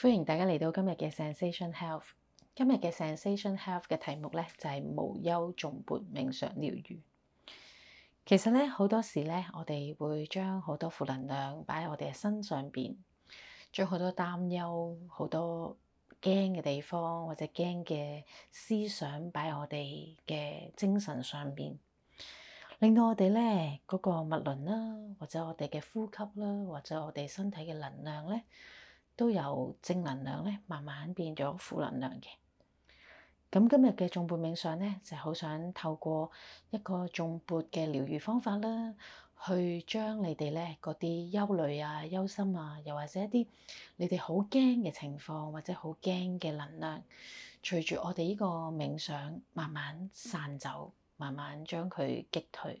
歡迎大家嚟到今日嘅 Sensation Health。今日嘅 Sensation Health 嘅題目咧就係無憂頌缽冥想療癒。其實咧好多時咧，我哋會將好多負能量擺喺我哋嘅身上邊，將好多擔憂、好多驚嘅地方或者驚嘅思想擺喺我哋嘅精神上邊，令到我哋咧嗰個脈輪啦，或者我哋嘅呼吸啦，或者我哋身體嘅能量咧。都由正能量咧，慢慢變咗負能量嘅。咁今日嘅頌缽冥想咧，就好想透過一個頌缽嘅療癒方法啦，去將你哋咧嗰啲憂慮啊、憂心啊，又或者一啲你哋好驚嘅情況或者好驚嘅能量，隨住我哋呢個冥想，慢慢散走，慢慢將佢擊退。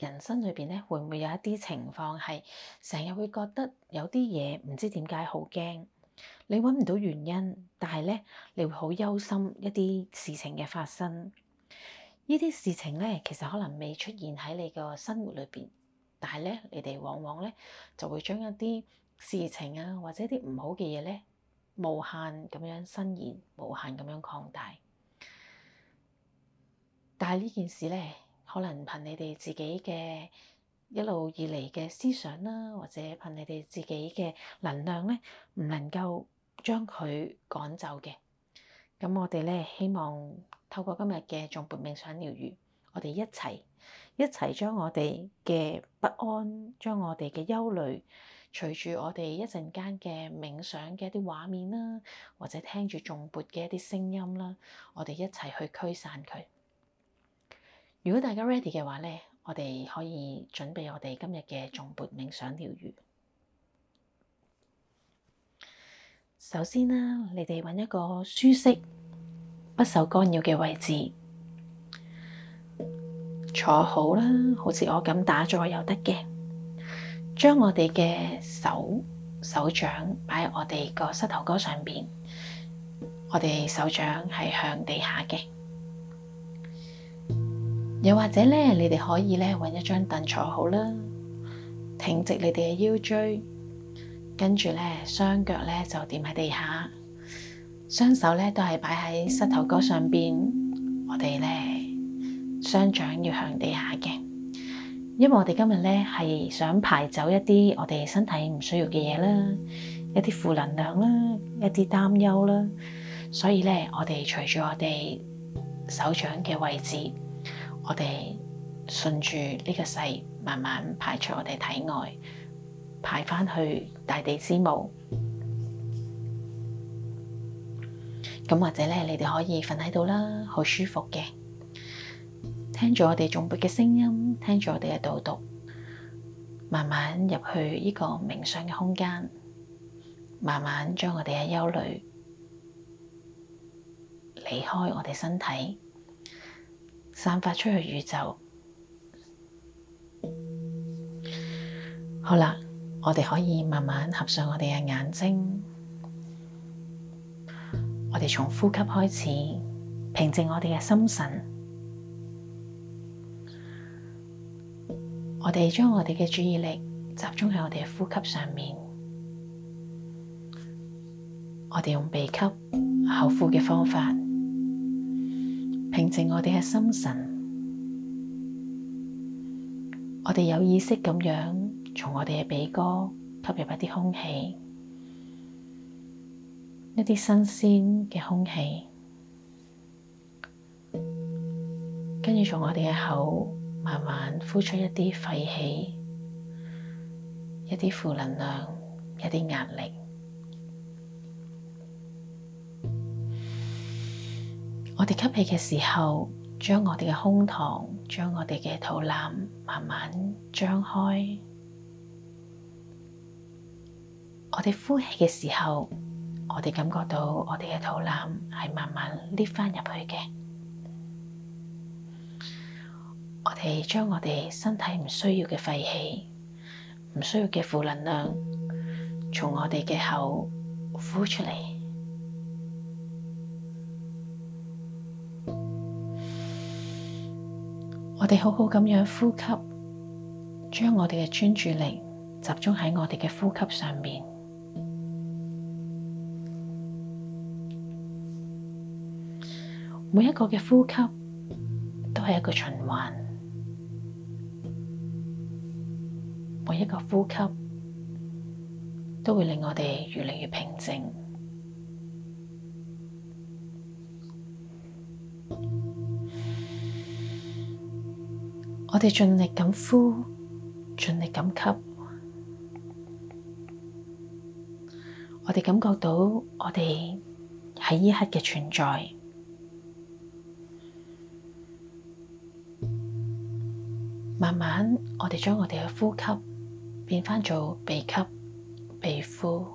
人生裏邊咧，會唔會有一啲情況係成日會覺得有啲嘢唔知點解好驚？你揾唔到原因，但係咧，你會好憂心一啲事情嘅發生。呢啲事情咧，其實可能未出現喺你個生活裏邊，但係咧，你哋往往咧就會將一啲事情啊，或者啲唔好嘅嘢咧，無限咁樣伸延，無限咁樣擴大。但係呢件事咧，可能憑你哋自己嘅一路以嚟嘅思想啦，或者憑你哋自己嘅能量咧，唔能夠將佢趕走嘅。咁我哋咧，希望透過今日嘅頌缽冥想療癒，我哋一齊一齊將我哋嘅不安、將我哋嘅憂慮，隨住我哋一陣間嘅冥想嘅一啲畫面啦，或者聽住頌缽嘅一啲聲音啦，我哋一齊去驅散佢。如果大家 ready 嘅話咧，我哋可以準備我哋今日嘅頌缽冥想療癒。首先啦，你哋揾一個舒適、不受干擾嘅位置，坐好啦，好似我咁打坐又得嘅。將我哋嘅手手掌擺喺我哋個膝頭哥上邊，我哋手掌係向地下嘅。又或者呢，你哋可以呢揾一張凳坐好啦，挺直你哋嘅腰椎，跟住呢，雙腳呢就墊喺地下，雙手呢都係擺喺膝頭哥上邊。我哋呢，雙掌要向地下嘅，因為我哋今日呢係想排走一啲我哋身體唔需要嘅嘢啦，一啲負能量啦，一啲擔憂啦，所以呢，我哋隨住我哋手掌嘅位置。我哋順住呢個勢，慢慢排出我哋體外，排返去大地之母。咁或者咧，你哋可以瞓喺度啦，好舒服嘅。聽住我哋頌缽嘅聲音，聽住我哋嘅導讀，慢慢入去呢個冥想嘅空間，慢慢將我哋嘅憂慮離開我哋身體。散發出去宇宙。好啦，我哋可以慢慢合上我哋嘅眼睛。我哋從呼吸開始，平靜我哋嘅心神。我哋將我哋嘅注意力集中喺我哋嘅呼吸上面。我哋用鼻吸、口呼嘅方法。平靜我哋嘅心神，我哋有意識咁樣從我哋嘅鼻哥吸入一啲空氣，一啲新鮮嘅空氣，跟住從我哋嘅口慢慢呼出一啲廢氣，一啲負能量，一啲壓力。我哋吸氣嘅時候，將我哋嘅胸膛，將我哋嘅肚腩慢慢張開。我哋呼氣嘅時候，我哋感覺到我哋嘅肚腩係慢慢 lift 翻入去嘅。我哋將我哋身體唔需要嘅廢氣、唔需要嘅負能量，從我哋嘅口呼出嚟。我哋好好咁樣呼吸，將我哋嘅專注力集中喺我哋嘅呼吸上面。每一個嘅呼吸都係一個循環，每一個呼吸都會令我哋越嚟越平靜。我哋盡力咁呼，盡力咁吸。我哋感覺到我哋喺呢刻嘅存在。慢慢，我哋將我哋嘅呼吸變翻做鼻吸、鼻呼。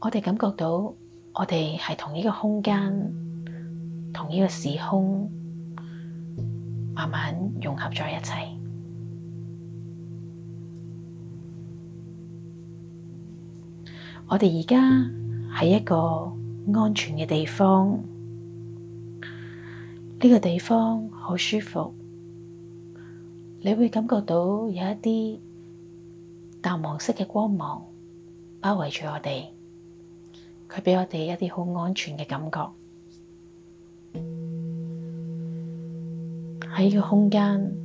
我哋感覺到我哋係同一個空間、同一個時空。慢慢融合在一起。我哋而家喺一個安全嘅地方，呢、這個地方好舒服。你會感覺到有一啲淡黃，黃色嘅光芒包圍住我哋，佢俾我哋一啲好安全嘅感覺。喺呢個空間，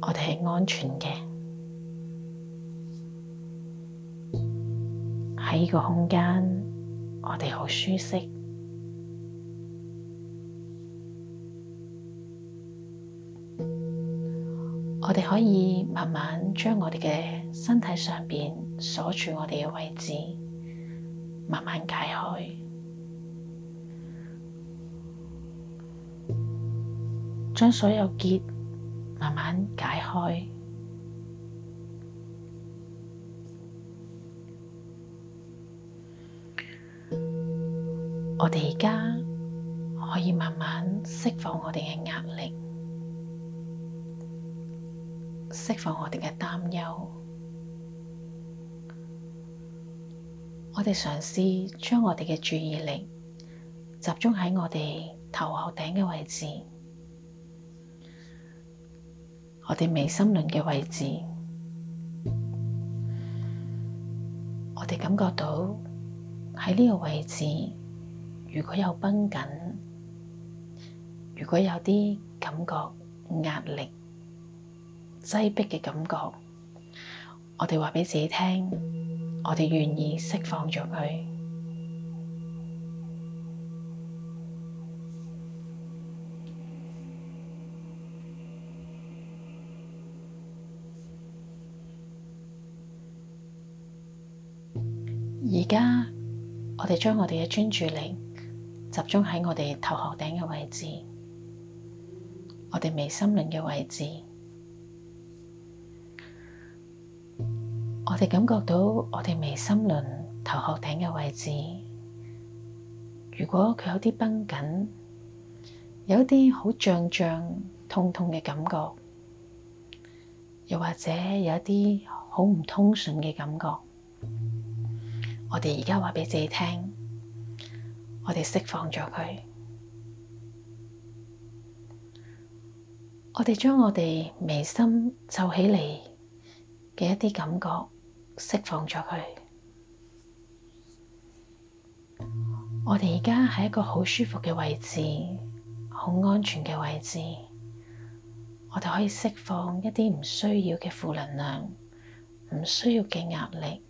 我哋係安全嘅；喺呢個空間，我哋好舒適。我哋可以慢慢將我哋嘅身體上邊鎖住我哋嘅位置，慢慢解開。將所有結慢慢解開，我哋而家可以慢慢釋放我哋嘅壓力，釋放我哋嘅擔憂。我哋嘗試將我哋嘅注意力集中喺我哋頭殼頂嘅位置。我哋眉心輪嘅位置，我哋感覺到喺呢個位置，如果有繃緊，如果有啲感覺壓力、擠迫嘅感覺，我哋話俾自己聽，我哋願意釋放咗佢。而家我哋將我哋嘅專注力集中喺我哋頭殼頂嘅位置，我哋眉心輪嘅位置。我哋感覺到我哋眉心輪、頭殼頂嘅位置，如果佢有啲繃緊，有啲好脹脹、痛痛嘅感覺，又或者有一啲好唔通順嘅感覺。我哋而家話畀自己聽，我哋釋放咗佢，我哋將我哋眉心皺起嚟嘅一啲感覺釋放咗佢。我哋而家喺一個好舒服嘅位置，好安全嘅位置，我哋可以釋放一啲唔需要嘅負能量，唔需要嘅壓力。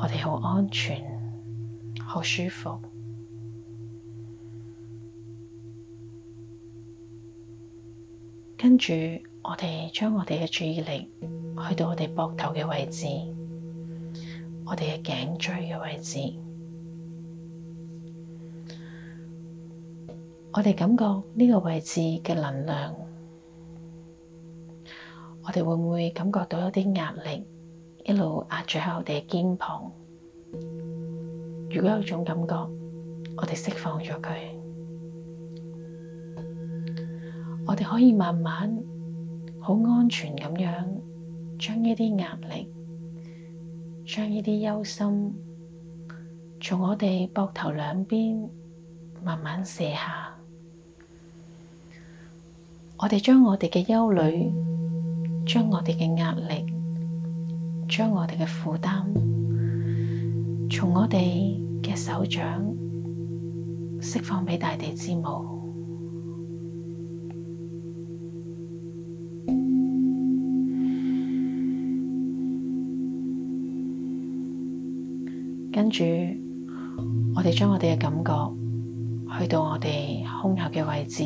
我哋好安全，好舒服。跟住，我哋將我哋嘅注意力去到我哋膊頭嘅位置，我哋嘅頸椎嘅位置，我哋感覺呢個位置嘅能量，我哋會唔會感覺到一啲壓力？一路壓住喺我哋肩膀。如果有種感覺，我哋釋放咗佢，我哋可以慢慢好安全咁樣，將呢啲壓力，將呢啲憂心，從我哋膊頭兩邊慢慢卸下。我哋將我哋嘅憂慮、將我哋嘅壓力，將我哋嘅負擔從我哋嘅手掌釋放俾大地之母，跟住我哋將我哋嘅感覺去到我哋胸口嘅位置，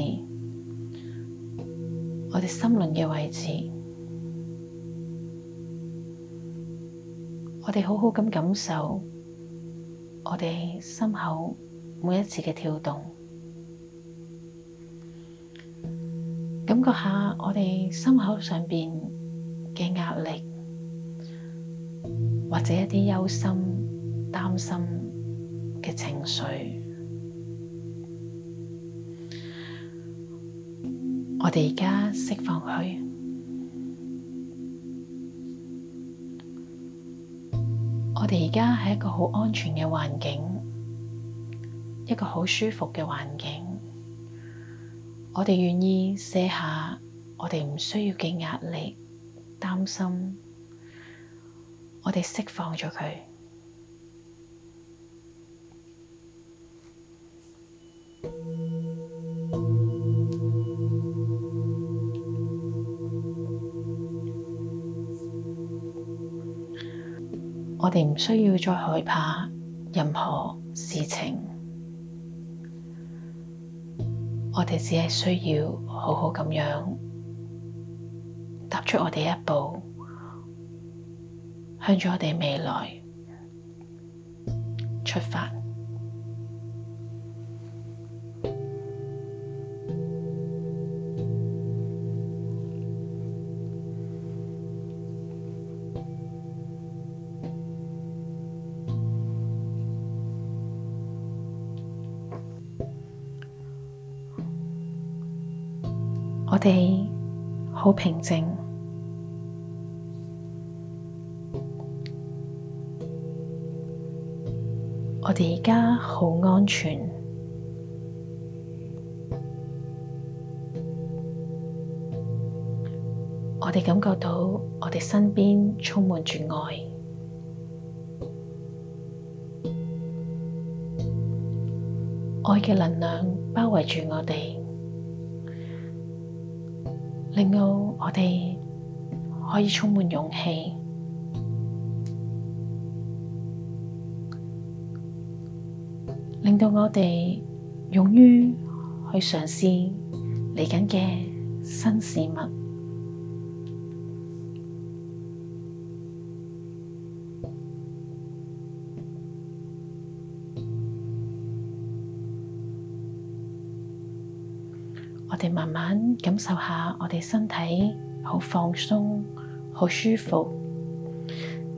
我哋心輪嘅位置。我哋好好咁感受，我哋心口每一次嘅跳動，感覺下我哋心口上面嘅壓力，或者一啲憂心、擔心嘅情緒，我哋而家釋放佢。我哋而家喺一個好安全嘅環境，一個好舒服嘅環境。我哋願意卸下我哋唔需要嘅壓力、擔心我釋，我哋釋放咗佢。我哋唔需要再害怕任何事情，我哋只係需要好好咁樣踏出我哋一步，向住我哋未來出發。我哋好平靜，我哋而家好安全，我哋感覺到我哋身邊充滿住愛，愛嘅能量包圍住我哋。令到我哋可以充滿勇氣，令到我哋勇於去嘗試嚟緊嘅新事物。我哋慢慢感受下，我哋身體好放鬆，好舒服，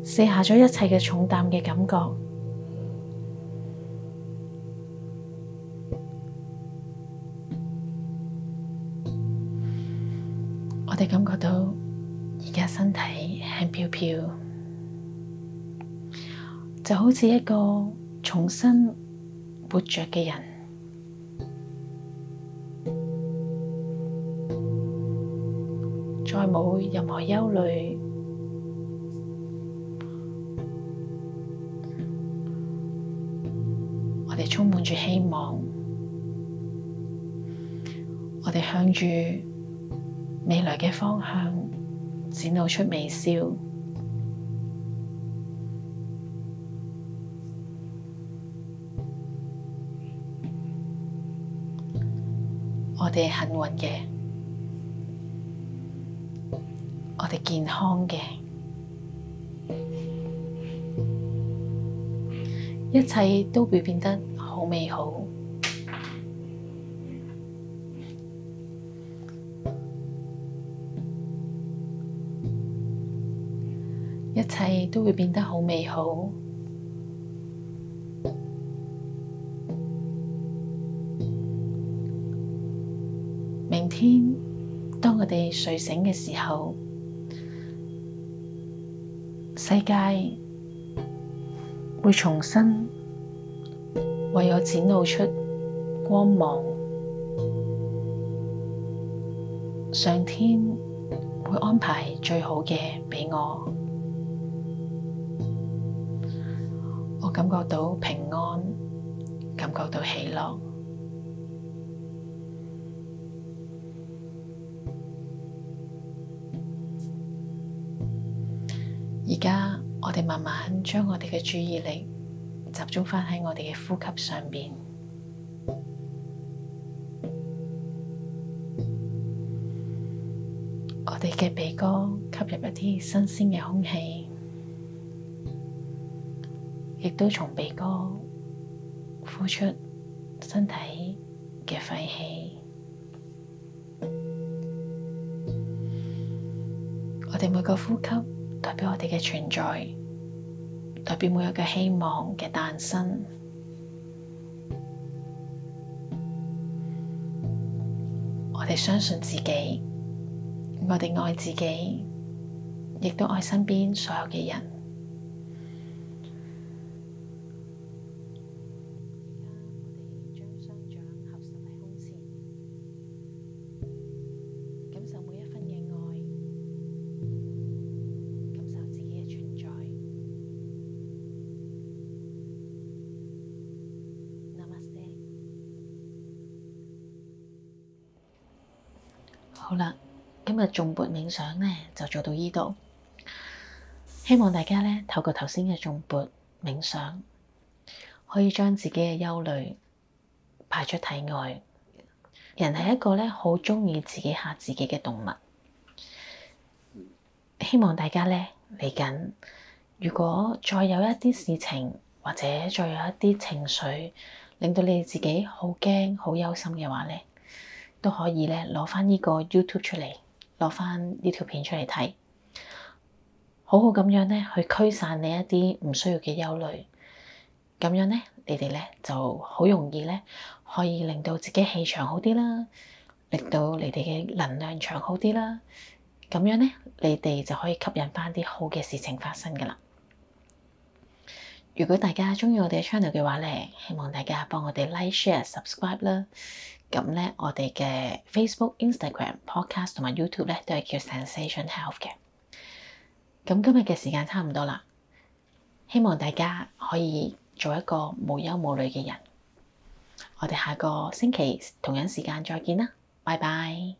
卸下咗一切嘅重擔嘅感覺。我哋感覺到，而家身體輕飄飄，就好似一個重新活着嘅人。冇任何憂慮，我哋充滿住希望，我哋向住未來嘅方向展露出微笑，我哋幸運嘅。健康嘅，一切都會變得好美好，一切都會變得好美好。明天，當我哋睡醒嘅時候。世界會重新為我展露出光芒，上天會安排最好嘅俾我，我感覺到平安，感覺到喜樂。而家我哋慢慢將我哋嘅注意力集中返喺我哋嘅呼吸上邊，我哋嘅鼻哥吸入一啲新鮮嘅空氣，亦都從鼻哥呼出身體嘅廢氣。我哋每個呼吸。代表我哋嘅存在，代表每一個希望嘅誕生。我哋相信自己，我哋愛自己，亦都愛身邊所有嘅人。頌缽冥想咧就做到呢度，希望大家咧透過頭先嘅頌缽冥想，可以將自己嘅憂慮排出體外。人係一個咧好中意自己嚇自己嘅動物，希望大家咧嚟緊，如果再有一啲事情或者再有一啲情緒，令到你自己好驚好憂心嘅話咧，都可以咧攞翻呢個 YouTube 出嚟。攞翻呢條片出嚟睇，好好咁樣咧，去驅散你一啲唔需要嘅憂慮。咁樣咧，你哋咧就好容易咧，可以令到自己氣場好啲啦，令到你哋嘅能量場好啲啦。咁樣咧，你哋就可以吸引翻啲好嘅事情發生噶啦。如果大家鍾意我哋嘅 channel 嘅話咧，希望大家幫我哋 like、share、subscribe 啦。咁呢，我哋嘅 Facebook、Instagram、Podcast 同埋 YouTube 呢，都係叫 Zensation Health 嘅。咁今日嘅時間差唔多啦，希望大家可以做一個無憂無慮嘅人。我哋下個星期同樣時間再見啦，拜拜。